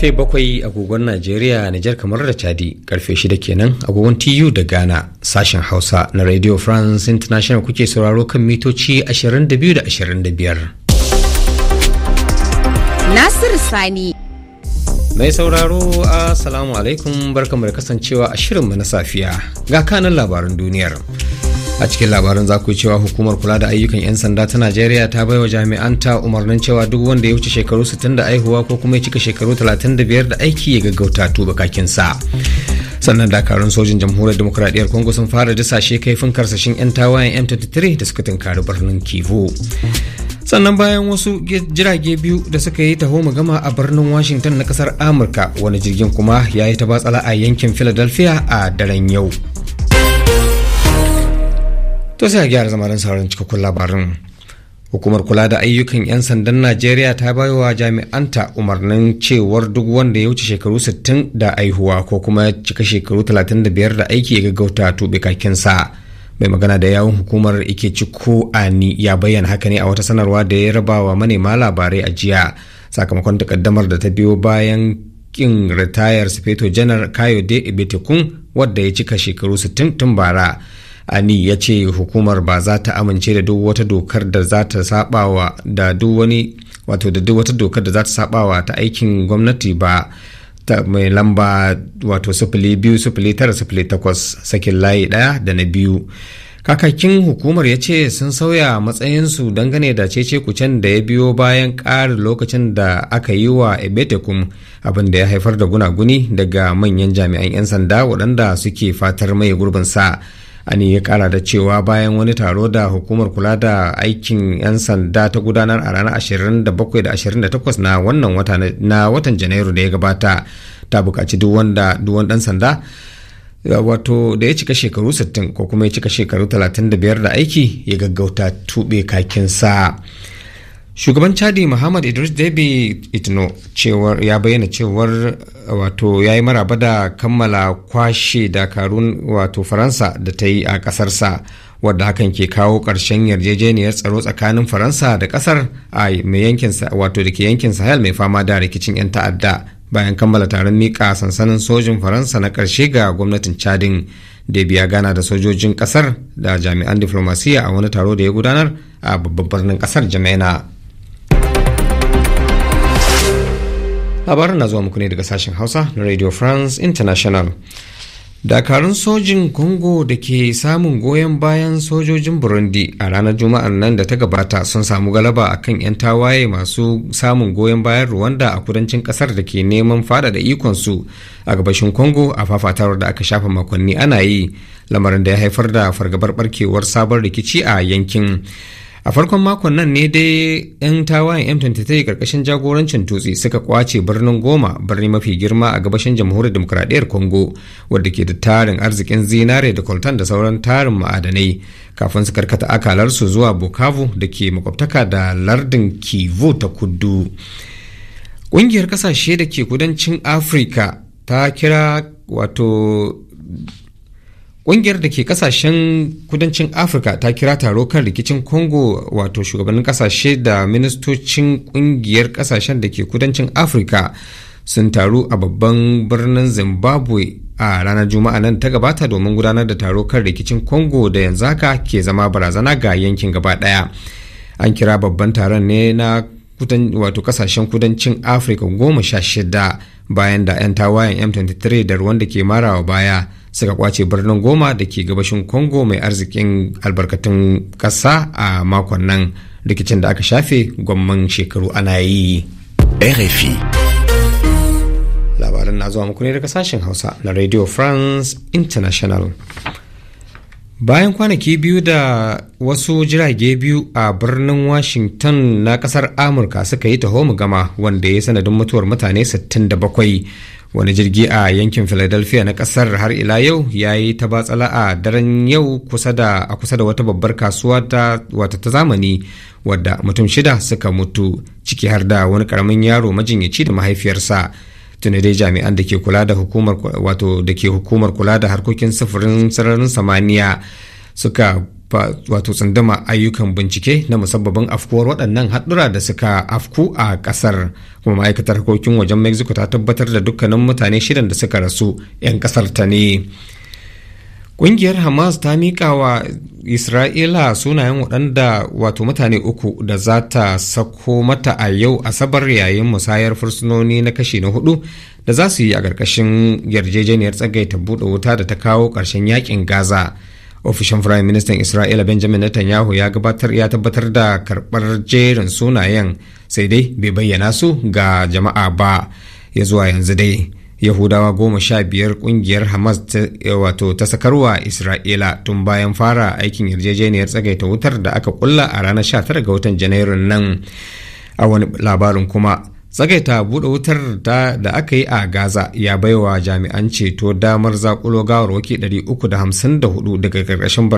karfe bakwai agogon Najeriya, Nijar kamar da Chadi, karfe shida kenan agogon TU da Ghana, sashen Hausa na Radio France International kuke sauraro kan mitoci 22 da 25. Nasir Sani Mai sauraro Assalamu alaikum barkamu da kasancewa a shirinmu na safiya ga kanan labaran duniyar. a cikin labarin za ku cewa hukumar kula da ayyukan 'yan sanda ta najeriya ta baiwa jami'an ta umarnin cewa duk wanda ya wuce shekaru 60 da aihuwa ko kuma ya cika shekaru 35 da aiki ya gaggauta tuba sa. sannan dakarun sojin jamhuriyar demokuraɗiyyar congo sun fara dasashe kaifin karsashin 'yan tawayen m23 da suka tunkari birnin kivu sannan bayan wasu jirage biyu da suka yi taho gama a birnin washington na kasar amurka wani jirgin kuma ya yi ta batsala a yankin philadelphia a daren yau To sai a gyara zama don sauran cikakkun labarin. Hukumar kula da ayyukan 'yan sandan Najeriya ta jami'an jami'anta umarnin cewar duk wanda ya wuce shekaru 60 da aihuwa ko kuma cika shekaru 35 da aiki ya gaggauta tuɓe kakinsa. Mai magana da yawun hukumar ike ciko ani ya bayyana haka ne a wata sanarwa da ya raba wa manema labarai a jiya sakamakon takaddamar da ta biyo bayan kin ritayar sufeto janar kayode ibetekun wadda ya cika shekaru 60 tun bara ani ya ce hukumar ba za ta amince da duk wata dokar da za ta sabawa da duk wani wato da duk wata dokar da za ta sabawa ta aikin gwamnati ba ta mai lamba wato sifili biyu sifili tara sifili takwas sakin layi ɗaya da na biyu kakakin hukumar ya ce sun sauya matsayinsu dangane da cece kucen da ya biyo bayan ƙarin lokacin da aka yi wa ebetekum abin da ya haifar da gunaguni daga manyan jami'an 'yan sanda waɗanda suke fatar mai gurbin sa ani ya kara da cewa bayan wani taro da hukumar kula da aikin 'yan sanda ta gudanar a ranar 27 da 28 na wannan wata na watan janairu da ya gabata ta bukaci duk wanda duwan dan sanda wato da ya cika shekaru 60 ko kuma ya cika shekaru 35 da aiki ya gaggauta tube kakin sa shugaban chadi muhammad idris debi itno cewar ya bayyana cewar uh, wato ya yi maraba da kammala kwashe dakarun wato faransa da ta yi a kasarsa wadda hakan ke kawo ƙarshen yarjejeniyar tsaro tsakanin faransa da kasar a mai yankin wato da ke yankin sahel mai fama da rikicin 'yan ta'adda bayan kammala taron mika sansanin sojin faransa na ƙarshe ga gwamnatin chadin da biya gana da sojojin ƙasar da jami'an diflomasiyya a wani taro da ya gudanar a babban birnin ƙasar jamaina labarin na zuwa muku ne daga sashen hausa na radio france international dakarun sojin congo da ke samun goyon bayan sojojin burundi a ranar juma'ar nan da ta gabata sun samu galaba a kan 'yan tawaye masu samun goyon bayan rwanda a kudancin kasar da ke neman fada da ikonsu a gabashin congo a fafatawar da aka shafa makonni ana yi lamarin da ya haifar da fargabar barkewar sabon rikici a yankin a farkon makon nan ne dai 'yan tawayen m23 karkashin jagorancin tutsi suka kwace birnin goma birni mafi girma a gabashin jamhuriyar demokradiyyar congo wadda ke da tarin arzikin zinare da koltan da sauran tarin ma'adanai kafin su karkata akalarsu zuwa bukavu da ke makwabtaka da lardin kivu ta kudu ƙungiyar ƙasashe da ke kudancin afirka ta kira wato Ƙungiyar da ke kasashen kudancin Afirka ta kira taro kan rikicin Congo wato shugabannin kasashe da ministocin ƙungiyar kasashen da ke kudancin Afirka sun taru a babban birnin Zimbabwe a ranar Juma'a nan ta gabata domin gudanar da taro kan rikicin Congo da yanzu haka ke zama barazana ga yankin gaba ɗaya. An kira babban taron ne na wato kasashen kudancin Afirka goma sha shida bayan da 'yan tawayen M23 da ruwan da ke marawa baya. suka kwace birnin goma da ke gabashin congo mai arzikin albarkatun ƙasa a makon nan rikicin da aka shafe gwamman shekaru ana yi rfi labaran na zuwa muku ne daga sashen hausa na radio france international bayan kwanaki biyu da wasu jirage biyu a birnin washington na kasar amurka suka yi taho mu gama wanda ya sanadin mutuwar mutane 67 wani jirgi a yankin philadelphia na kasar har ila yau ya yi ta batsala a daren yau a kusa da wata babbar kasuwa ta wata ta zamani wadda mutum shida suka mutu ciki har da wani karamin yaro majinyaci da mahaifiyarsa tuni dai jami'an da ke kula da hukumar kula da harkokin sufurin sararin samaniya suka wato tsunduma ayyukan bincike na musabbabin afkuwar waɗannan haɗura da suka afku a ƙasar kuma ma'aikatar harkokin wajen mexico ta tabbatar da dukkanin mutane shidan da suka rasu 'yan ƙasar ta ne ƙungiyar hamas ta miƙa wa isra'ila sunayen waɗanda wato mutane uku da za ta sako mata a yau asabar yayin musayar fursunoni na kashi na hudu da za su yi a ƙarƙashin yarjejeniyar tsagaita buɗe wuta da ta kawo ƙarshen yakin gaza ofishin firayim ministan isra'ila benjamin netanyahu ya gabatar ya tabbatar da karɓar jerin sunayen sai dai bai bayyana su ga jama'a ba ya zuwa yanzu dai yahudawa goma sha biyar kungiyar hamas wato ta sakarwa isra'ila tun bayan fara aikin yarjejeniyar tsagaita wutar da aka kulla a ranar 19 ga watan janairun nan a wani labarin kuma tsagaita buɗe wutar da aka yi a gaza ya baiwa jami'an ceto damar zakulo gawarwaki 354 daga ƙarƙashin